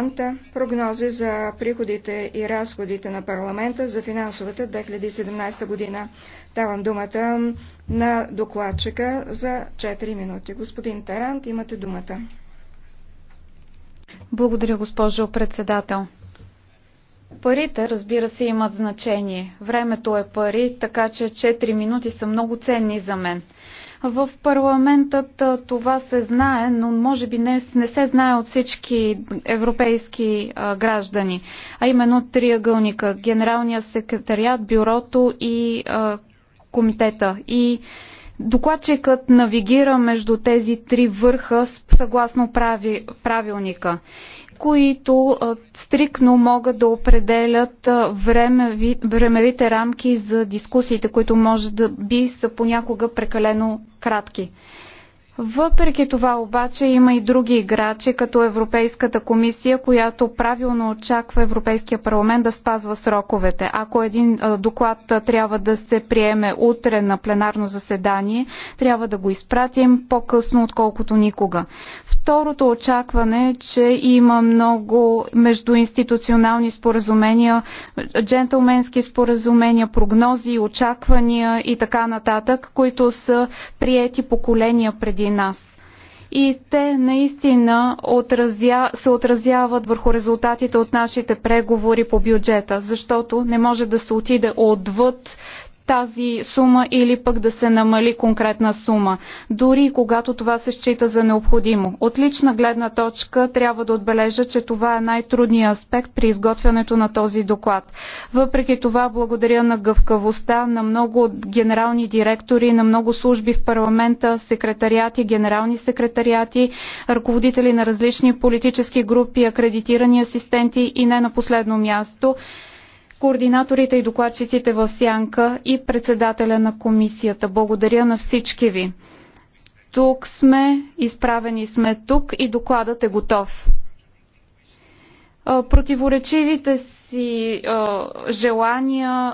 Анта прогнози за приходите и разходите на парламента за финансовата 2017 година. Давам думата на докладчика за 4 минути. Господин Тарант, имате думата. Благодаря, госпожо председател. Парите, разбира се, имат значение. Времето е пари, така че 4 минути са много ценни за мен. В парламентът това се знае, но може би не, не се знае от всички европейски а, граждани, а именно триъгълника, генералния секретариат, бюрото и а, комитета. И Докладчикът навигира между тези три върха съгласно прави, правилника които стрикно могат да определят времевите рамки за дискусиите, които може да би са понякога прекалено кратки. Въпреки това обаче има и други играчи, като Европейската комисия, която правилно очаква Европейския парламент да спазва сроковете. Ако един доклад трябва да се приеме утре на пленарно заседание, трябва да го изпратим по-късно, отколкото никога. Второто очакване е, че има много междуинституционални споразумения, джентлменски споразумения, прогнози, очаквания и така нататък, които са приети поколения преди нас. И те наистина отразя, се отразяват върху резултатите от нашите преговори по бюджета, защото не може да се отиде отвъд тази сума или пък да се намали конкретна сума, дори когато това се счита за необходимо. От лична гледна точка трябва да отбележа, че това е най-трудният аспект при изготвянето на този доклад. Въпреки това, благодаря на гъвкавостта на много генерални директори, на много служби в парламента, секретариати, генерални секретариати, ръководители на различни политически групи, акредитирани асистенти и не на последно място координаторите и докладчиците в Сянка и председателя на комисията. Благодаря на всички ви. Тук сме, изправени сме тук и докладът е готов противоречивите си желания,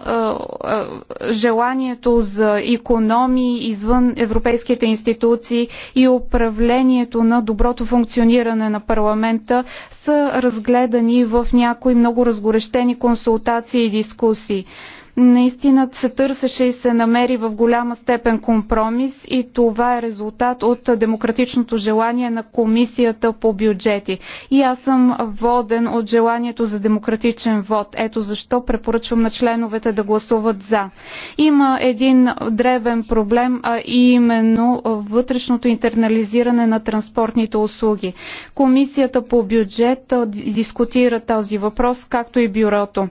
желанието за економии извън европейските институции и управлението на доброто функциониране на парламента са разгледани в някои много разгорещени консултации и дискусии. Наистина се търсеше и се намери в голяма степен компромис и това е резултат от демократичното желание на комисията по бюджети. И аз съм воден от желанието за демократичен вод. Ето защо препоръчвам на членовете да гласуват за. Има един древен проблем, а именно вътрешното интернализиране на транспортните услуги. Комисията по бюджет дискутира този въпрос, както и бюрото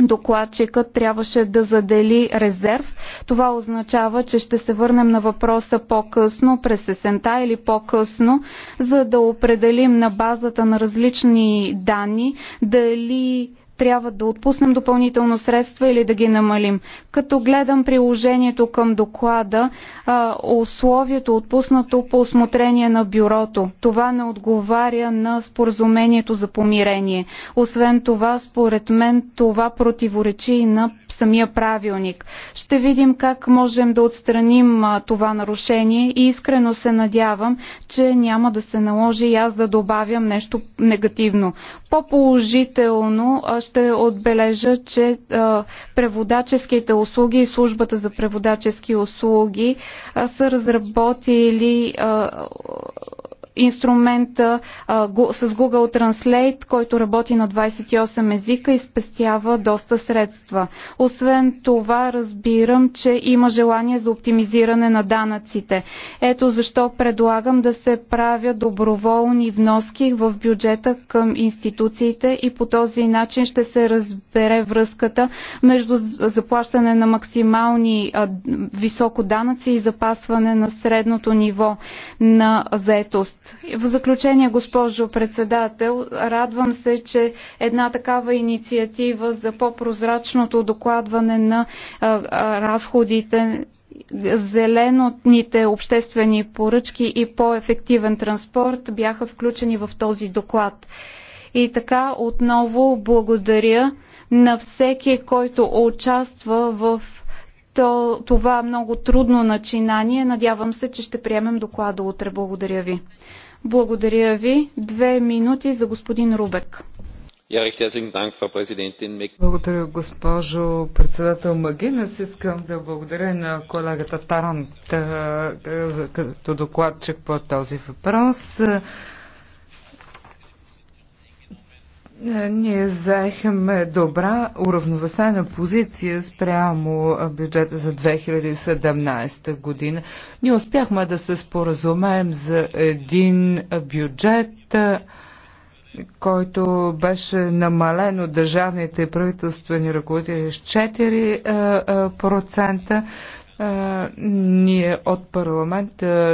докладчикът трябваше да задели резерв. Това означава, че ще се върнем на въпроса по-късно, през есента или по-късно, за да определим на базата на различни данни дали трябва да отпуснем допълнително средства или да ги намалим. Като гледам приложението към доклада, условието отпуснато по осмотрение на бюрото, това не отговаря на споразумението за помирение. Освен това, според мен, това противоречи и на самия правилник. Ще видим как можем да отстраним това нарушение и искрено се надявам, че няма да се наложи и аз да добавям нещо негативно. По-положително ще отбележа, че преводаческите услуги и службата за преводачески услуги са разработили инструмента а, с Google Translate, който работи на 28 езика и спестява доста средства. Освен това, разбирам, че има желание за оптимизиране на данъците. Ето защо предлагам да се правят доброволни вноски в бюджета към институциите и по този начин ще се разбере връзката между заплащане на максимални а, високо данъци и запасване на средното ниво на заетост. В заключение, госпожо председател, радвам се, че една такава инициатива за по-прозрачното докладване на разходите зеленотните обществени поръчки и по-ефективен транспорт бяха включени в този доклад. И така отново благодаря на всеки, който участва в то, това много трудно начинание. Надявам се, че ще приемем доклада утре. Благодаря ви. Благодаря ви. Две минути за господин Рубек. Благодаря, госпожо председател Магинес. Искам да благодаря на колегата Тарант като докладчик по този въпрос. Е, ние заехаме добра, уравновесена позиция спрямо бюджета за 2017 година. Ние успяхме да се споразумеем за един бюджет, който беше намален от държавните и правителствени ръководители с 4%. ние от парламент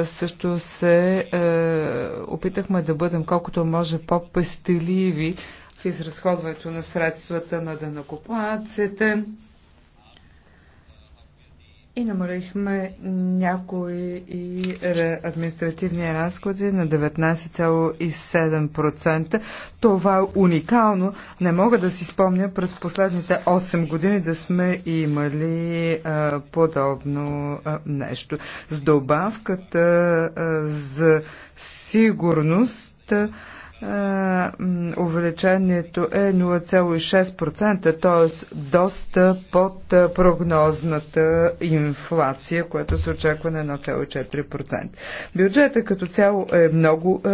също се опитахме да бъдем колкото може по-пестеливи в изразходването на средствата на данакоплаците и намалихме някои и административни разходи на 19,7%. Това е уникално. Не мога да си спомня през последните 8 години да сме имали а, подобно а, нещо. С добавката а, за сигурност а, е, увеличението е 0,6%, т.е. доста под е, прогнозната инфлация, която се очаква на 1,4%. Бюджета като цяло е много е,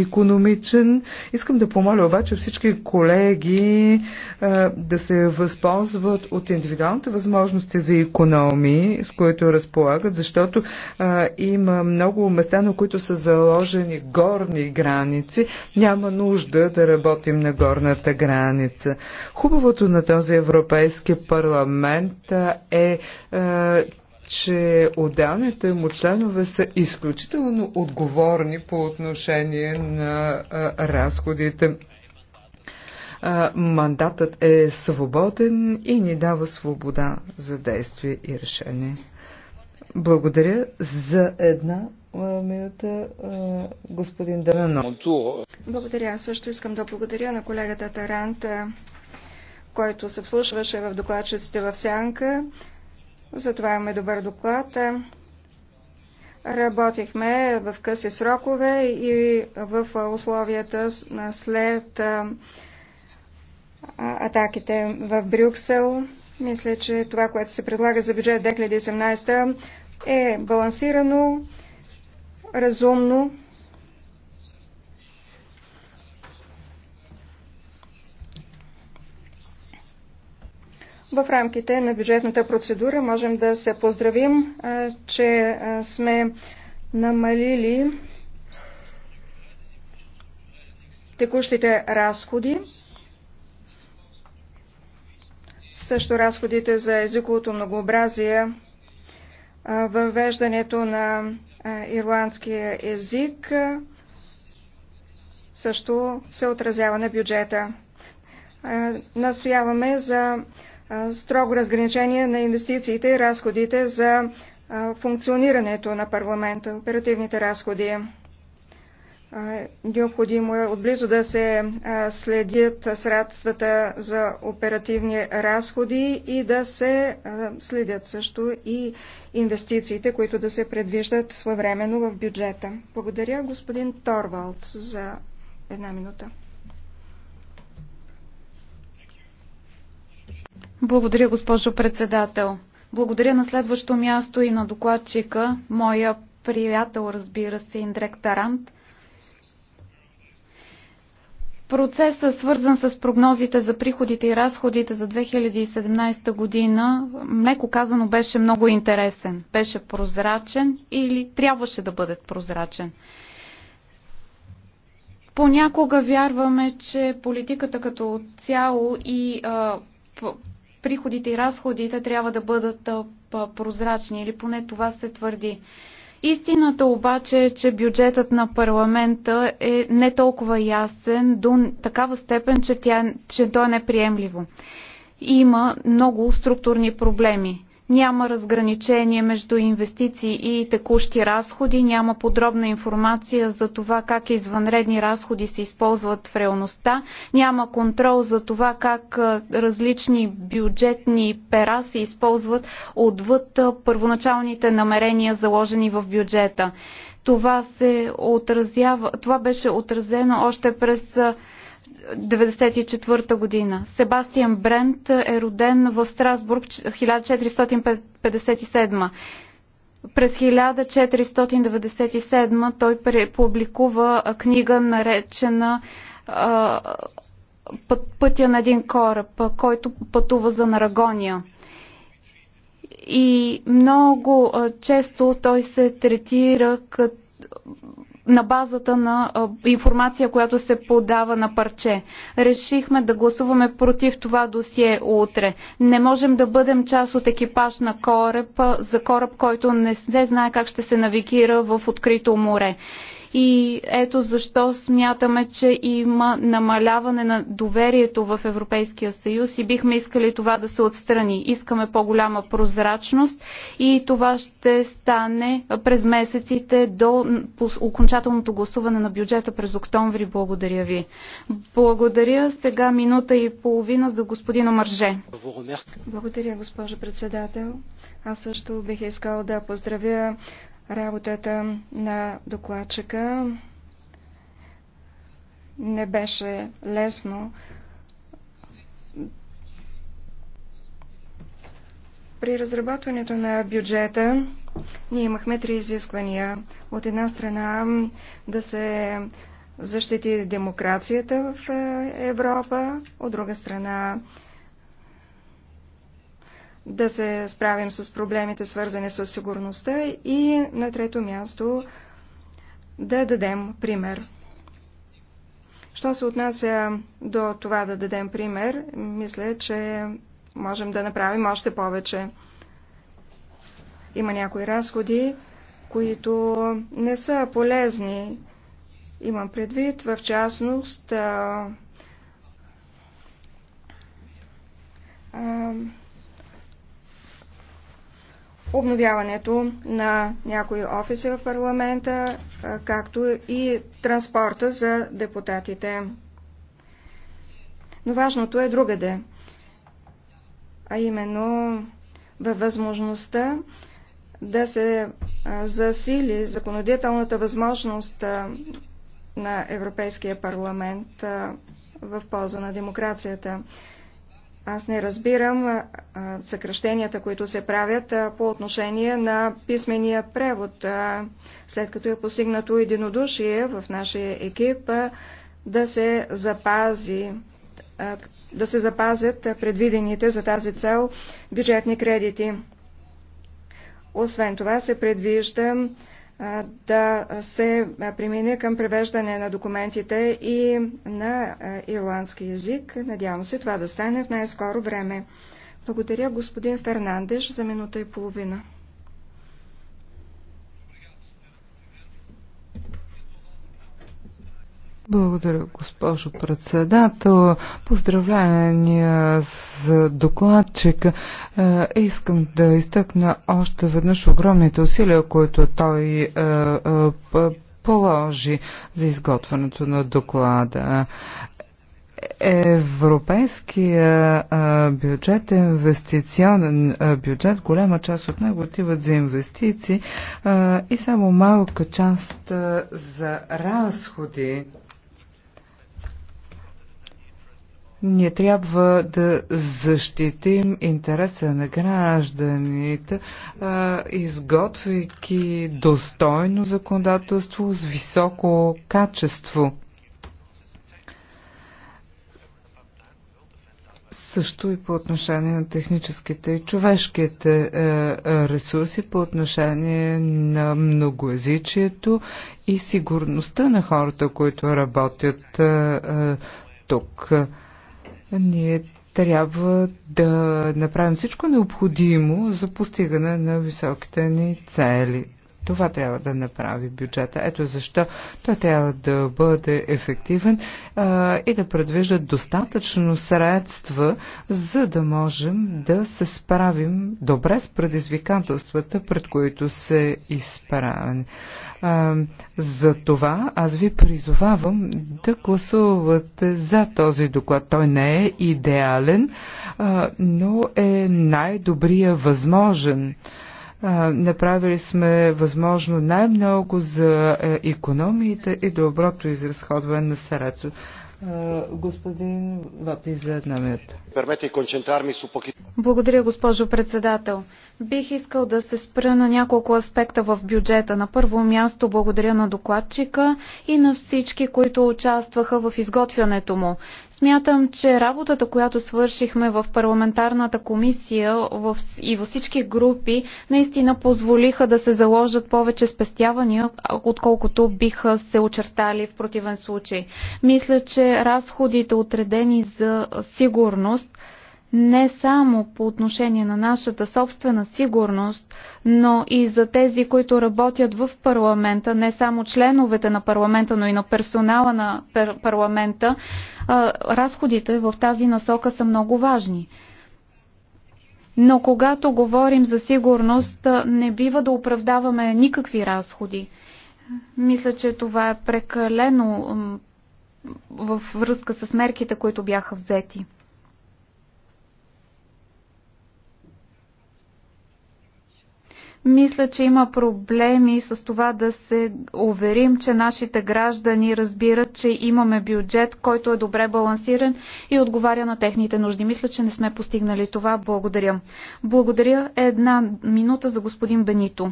економичен. Искам да помоля обаче всички колеги е, да се възползват от индивидуалните възможности за економии, с които разполагат, защото е, има много места, на които са заложени горни граници. Няма няма нужда да работим на горната граница. Хубавото на този Европейски парламент е, е че отделните му членове са изключително отговорни по отношение на е, разходите. Е, мандатът е свободен и ни дава свобода за действие и решение. Благодаря за една минута господин Данано. Благодаря. Също искам да благодаря на колегата Тарант, който се вслушваше в докладчиците в Сянка. Затова имаме добър доклад. Работихме в къси срокове и в условията след атаките в Брюксел. Мисля, че това, което се предлага за бюджет 2017 е балансирано, разумно В рамките на бюджетната процедура можем да се поздравим, че сме намалили текущите разходи, също разходите за езиковото многообразие, въвеждането на ирландския език също се отразява на бюджета. Настояваме за строго разграничение на инвестициите и разходите за функционирането на парламента, оперативните разходи. Необходимо е отблизо да се следят средствата за оперативни разходи и да се следят също и инвестициите, които да се предвиждат своевременно в бюджета. Благодаря господин Торвалц за една минута. Благодаря, госпожо председател. Благодаря на следващо място и на докладчика, моя приятел, разбира се, Индрек Тарант – Процесът, свързан с прогнозите за приходите и разходите за 2017 година, меко казано, беше много интересен. Беше прозрачен или трябваше да бъде прозрачен. Понякога вярваме, че политиката като цяло и а, приходите и разходите трябва да бъдат а, прозрачни или поне това се твърди. Истината обаче е, че бюджетът на парламента е не толкова ясен до такава степен, че, тя, че то е неприемливо. Има много структурни проблеми. Няма разграничение между инвестиции и текущи разходи, няма подробна информация за това как извънредни разходи се използват в реалността, няма контрол за това как различни бюджетни пера се използват отвъд първоначалните намерения заложени в бюджета. Това, се отразява, това беше отразено още през 1994 година. Себастиан Брент е роден в Страсбург 1457. През 1497 той публикува книга наречена Пътя на един кораб, който пътува за Нарагония и много често той се третира като на базата на информация, която се подава на парче. Решихме да гласуваме против това досие утре. Не можем да бъдем част от екипаж на кораб, за кораб, който не, не знае как ще се навигира в открито море. И ето защо смятаме, че има намаляване на доверието в Европейския съюз и бихме искали това да се отстрани. Искаме по-голяма прозрачност и това ще стане през месеците до окончателното гласуване на бюджета през октомври. Благодаря ви. Благодаря. Сега минута и половина за господин Омърже. Благодаря, госпожо председател. Аз също бих искал да поздравя Работата на докладчика не беше лесно. При разработването на бюджета ние имахме три изисквания. От една страна да се защити демокрацията в е, Европа, от друга страна да се справим с проблемите, свързани с сигурността и на трето място да дадем пример. Що се отнася до това да дадем пример, мисля, че можем да направим още повече. Има някои разходи, които не са полезни. Имам предвид, в частност, а, а, обновяването на някои офиси в парламента, както и транспорта за депутатите. Но важното е другаде, а именно във възможността да се засили законодителната възможност на Европейския парламент в полза на демокрацията. Аз не разбирам съкръщенията, които се правят по отношение на писмения превод, след като е постигнато единодушие в нашия екип да се запази да се запазят предвидените за тази цел бюджетни кредити. Освен това се предвижда да се премине към превеждане на документите и на ирландски язик. Надявам се това да стане в най-скоро време. Благодаря господин Фернандеш за минута и половина. Благодаря, госпожо председател. Поздравления за докладчика. Е, искам да изтъкна още веднъж огромните усилия, които той е, е, положи за изготвянето на доклада. Европейския бюджет е инвестиционен бюджет. Голяма част от него отиват за инвестиции и само малка част за разходи. Ние трябва да защитим интереса на гражданите, изготвяйки достойно законодателство с високо качество. също и по отношение на техническите и човешките е, е, ресурси, по отношение на многоязичието и сигурността на хората, които работят е, тук. Ние трябва да направим всичко необходимо за постигане на високите ни цели. Това трябва да направи бюджета. Ето защо той трябва да бъде ефективен а, и да предвижда достатъчно средства, за да можем да се справим добре с предизвикателствата, пред които се изправени. За това аз ви призовавам да гласувате за този доклад. Той не е идеален, а, но е най-добрия възможен. Направили сме възможно най-много за економията и доброто изразходване на Сарацо. Господин Вати за една минута. Благодаря, госпожо председател. Бих искал да се спра на няколко аспекта в бюджета. На първо място благодаря на докладчика и на всички, които участваха в изготвянето му. Смятам, че работата, която свършихме в парламентарната комисия и във всички групи, наистина позволиха да се заложат повече спестявания, отколкото биха се очертали в противен случай. Мисля, че разходите, отредени за сигурност, не само по отношение на нашата собствена сигурност, но и за тези, които работят в парламента, не само членовете на парламента, но и на персонала на парламента, разходите в тази насока са много важни. Но когато говорим за сигурност, не бива да оправдаваме никакви разходи. Мисля, че това е прекалено в връзка с мерките, които бяха взети. Мисля, че има проблеми с това да се уверим, че нашите граждани разбират, че имаме бюджет, който е добре балансиран и отговаря на техните нужди. Мисля, че не сме постигнали това. Благодаря. Благодаря. Една минута за господин Бенито.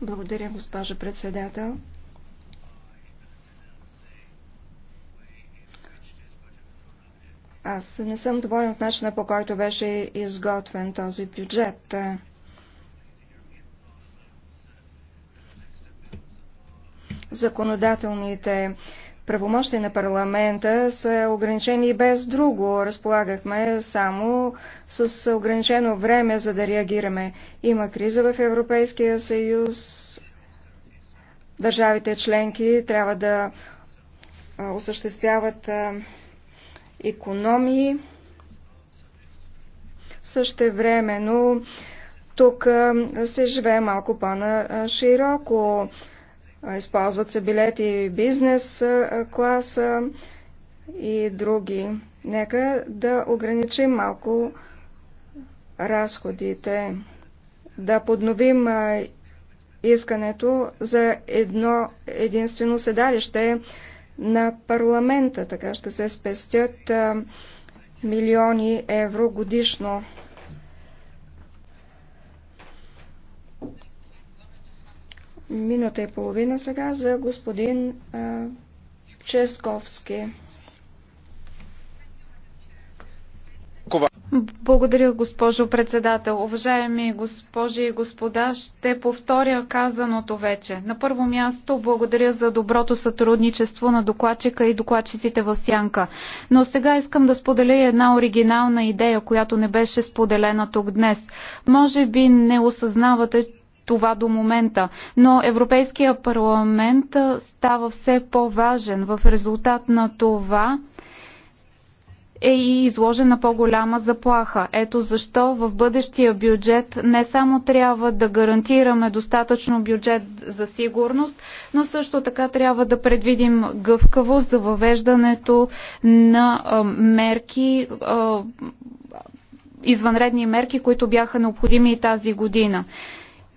Благодаря, госпожа председател. Аз не съм доволен от начина по който беше изготвен този бюджет. Законодателните правомощи на парламента са ограничени и без друго. Разполагахме само с ограничено време, за да реагираме. Има криза в Европейския съюз. Държавите членки трябва да осъществяват економии. но тук се живее малко по-нашироко. Използват се билети бизнес класа и други. Нека да ограничим малко разходите, да подновим искането за едно единствено седалище на парламента. Така ще се спестят а, милиони евро годишно. Минута и половина сега за господин а, Ческовски. Благодаря, госпожо председател. Уважаеми госпожи и господа, ще повторя казаното вече. На първо място, благодаря за доброто сътрудничество на докладчика и докладчиците в Сянка. Но сега искам да споделя една оригинална идея, която не беше споделена тук днес. Може би не осъзнавате, това до момента. Но Европейския парламент става все по-важен в резултат на това, е и изложена по-голяма заплаха. Ето защо в бъдещия бюджет не само трябва да гарантираме достатъчно бюджет за сигурност, но също така трябва да предвидим гъвкавост за въвеждането на мерки извънредни мерки, които бяха необходими и тази година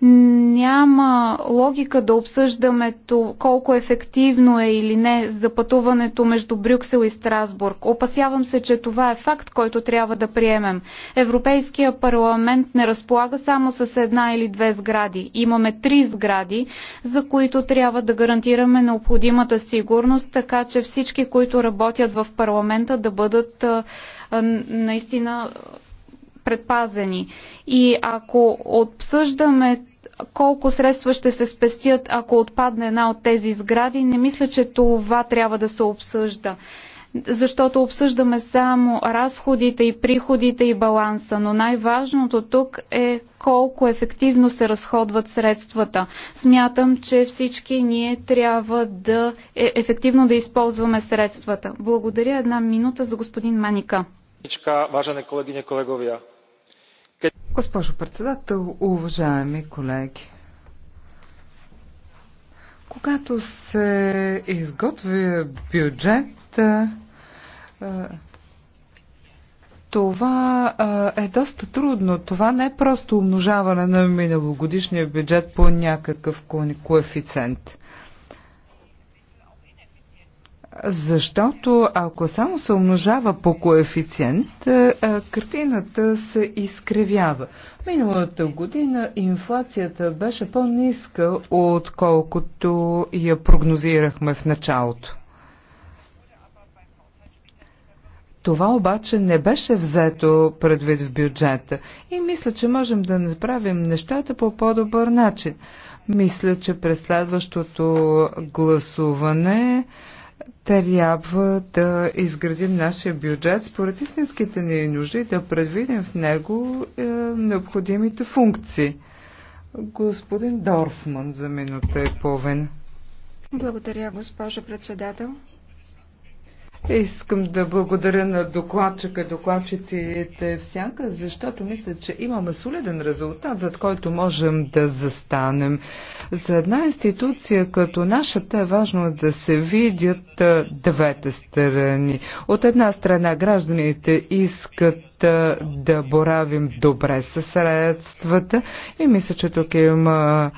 няма логика да обсъждаме то, колко ефективно е или не за пътуването между Брюксел и Страсбург. Опасявам се, че това е факт, който трябва да приемем. Европейския парламент не разполага само с една или две сгради. Имаме три сгради, за които трябва да гарантираме необходимата сигурност, така че всички, които работят в парламента, да бъдат наистина предпазени. И ако обсъждаме колко средства ще се спестят, ако отпадне една от тези сгради, не мисля, че това трябва да се обсъжда защото обсъждаме само разходите и приходите и баланса, но най-важното тук е колко ефективно се разходват средствата. Смятам, че всички ние трябва да е, ефективно да използваме средствата. Благодаря една минута за господин Маника. Важане колеги и колеговия. Госпожо председател, уважаеми колеги, когато се изготвя бюджет, това е доста трудно. Това не е просто умножаване на миналогодишния бюджет по някакъв коефициент. Защото ако само се умножава по коефициент, е, е, картината се изкривява. Миналата година инфлацията беше по-ниска, отколкото я прогнозирахме в началото. Това обаче не беше взето предвид в бюджета и мисля, че можем да направим нещата по по-добър начин. Мисля, че през следващото гласуване трябва да изградим нашия бюджет според истинските ни нужди, да предвидим в него е, необходимите функции. Господин Дорфман за минута е повен. Благодаря, госпожа председател. Искам да благодаря на докладчика, докладчиците всяка, защото мисля, че имаме солиден резултат, зад който можем да застанем. За една институция като нашата е важно да се видят двете страни. От една страна гражданите искат да боравим добре със средствата и мисля, че тук има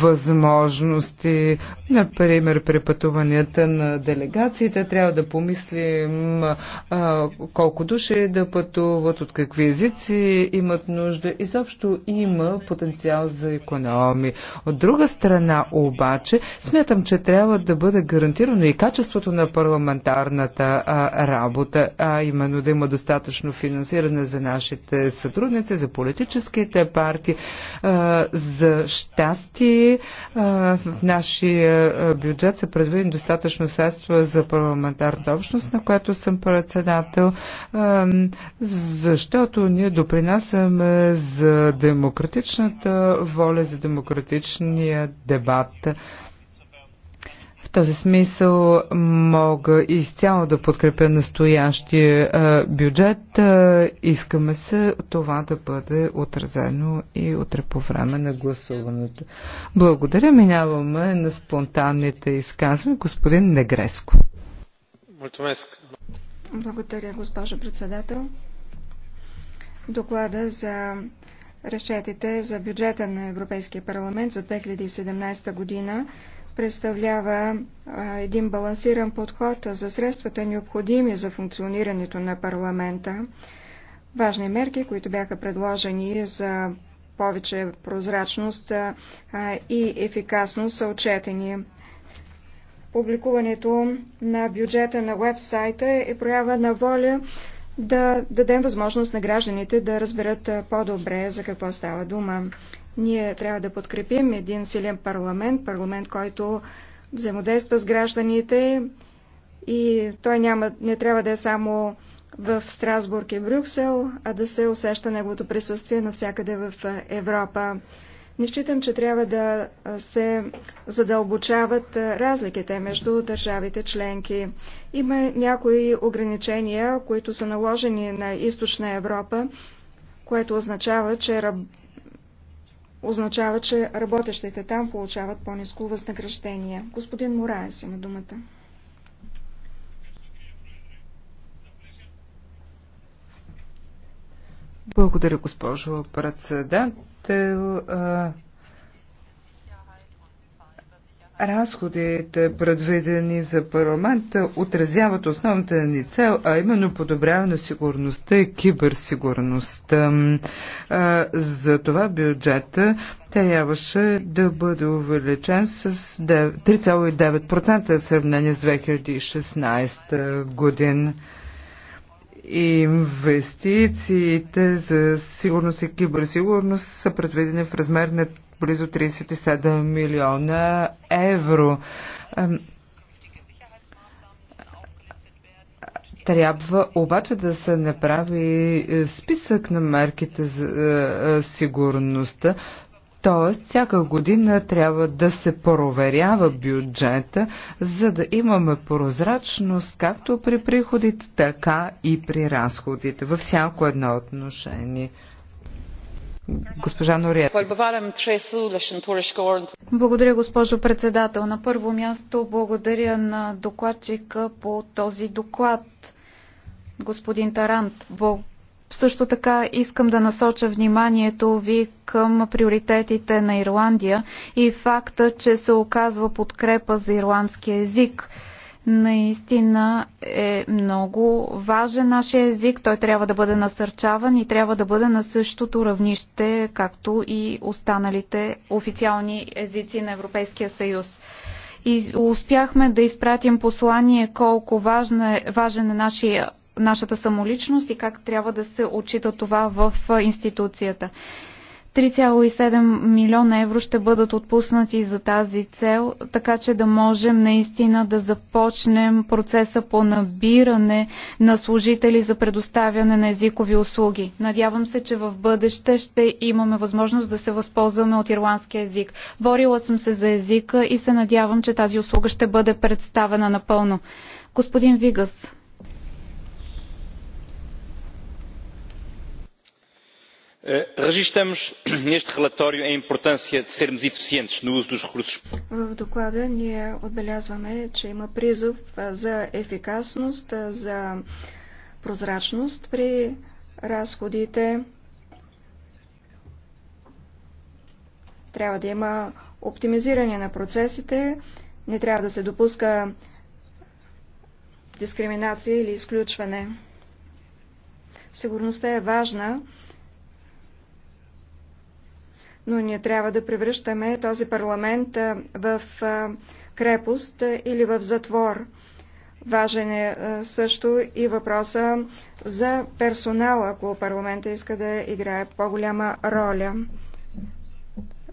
възможности, например при пътуванията на делегациите. Трябва да помислим а, колко души да пътуват, от какви езици имат нужда. Изобщо има потенциал за економи. От друга страна обаче, смятам, че трябва да бъде гарантирано и качеството на парламентарната а, работа, а именно да има достатъчно финансиране за нашите сътрудници, за политическите партии, а, за части. в нашия бюджет са предвидени достатъчно средства за парламентарната общност, на която съм председател, защото ние допринасяме за демократичната воля, за демократичния дебат. В този смисъл мога изцяло да подкрепя настоящия бюджет. Искаме се това да бъде отразено и утре по време на гласуването. Благодаря. Минаваме на спонтанните изказвания. Господин Негреско. Благодаря, госпожо председател. Доклада за разчетите за бюджета на Европейския парламент за 2017 година представлява един балансиран подход за средствата необходими за функционирането на парламента. Важни мерки, които бяха предложени за повече прозрачност и ефикасност са отчетени. Публикуването на бюджета на вебсайта е проява на воля да дадем възможност на гражданите да разберат по-добре за какво става дума. Ние трябва да подкрепим един силен парламент, парламент, който взаимодейства с гражданите и той няма, не трябва да е само в Страсбург и Брюксел, а да се усеща неговото присъствие навсякъде в Европа. Не считам, че трябва да се задълбочават разликите между държавите членки. Има някои ограничения, които са наложени на източна Европа, което означава, че означава, че работещите там получават по-низко възнаграждение. Господин Мораес има думата. Благодаря, госпожо председател. Разходите, предвидени за парламента, отразяват основната ни цел, а именно подобряване на сигурността и киберсигурността. За това бюджета трябваше да бъде увеличен с 3,9% в сравнение с 2016 година инвестициите за сигурност и киберсигурност са предвидени в размер на близо 37 милиона евро. Трябва обаче да се направи е, списък на мерките за е, е, сигурността, Т.е. всяка година трябва да се проверява бюджета, за да имаме прозрачност както при приходите, така и при разходите, във всяко едно отношение. Госпожа Благодаря, госпожо председател. На първо място благодаря на докладчика по този доклад, господин Тарант. Също така искам да насоча вниманието ви към приоритетите на Ирландия и факта, че се оказва подкрепа за ирландския език. Наистина е много важен нашия език. Той трябва да бъде насърчаван и трябва да бъде на същото равнище, както и останалите официални езици на Европейския съюз и успяхме да изпратим послание колко важна е, важен е нашия нашата самоличност и как трябва да се отчита това в институцията. 3,7 милиона евро ще бъдат отпуснати за тази цел, така че да можем наистина да започнем процеса по набиране на служители за предоставяне на езикови услуги. Надявам се, че в бъдеще ще имаме възможност да се възползваме от ирландски език. Борила съм се за езика и се надявам, че тази услуга ще бъде представена напълно. Господин Вигас, Eh, registamos neste relatório a importância de sermos eficientes no uso dos recursos. В доклада ние отбелязваме, че има призъв за ефикасност, за прозрачност при разходите. Трябва да има оптимизиране на процесите, не трябва да се допуска дискриминация или изключване. Сигурността е важна но ние трябва да превръщаме този парламент в крепост или в затвор. Важен е също и въпроса за персонала, ако парламента иска да играе по-голяма роля.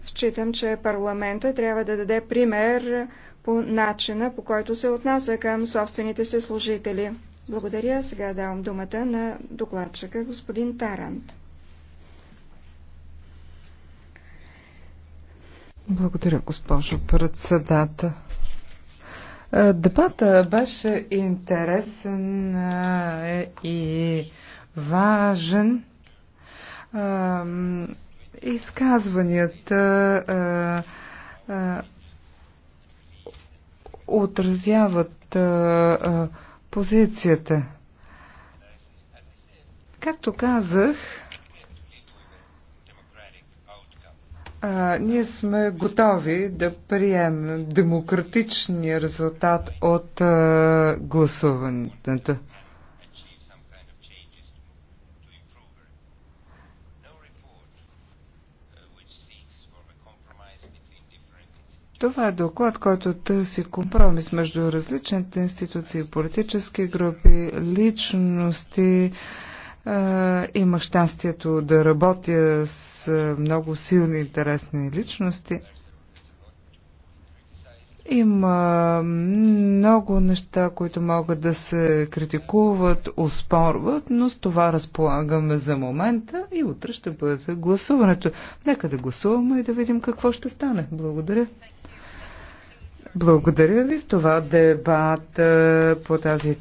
Считам, че парламента трябва да даде пример по начина, по който се отнася към собствените си служители. Благодаря. Сега давам думата на докладчика господин Тарант. Благодаря, госпожо председател. Е, дебата беше интересен е, и важен. Е, изказванията отразяват позицията. Както казах, А, ние сме готови да приемем демократичния резултат от а, гласуването. Това е доклад, който търси компромис между различните институции, политически групи, личности, е, Имах щастието да работя с много силни интересни личности. Има много неща, които могат да се критикуват, успорват, но с това разполагаме за момента и утре ще бъде гласуването. Нека да гласуваме и да видим какво ще стане. Благодаря. Благодаря ви с това дебат по тази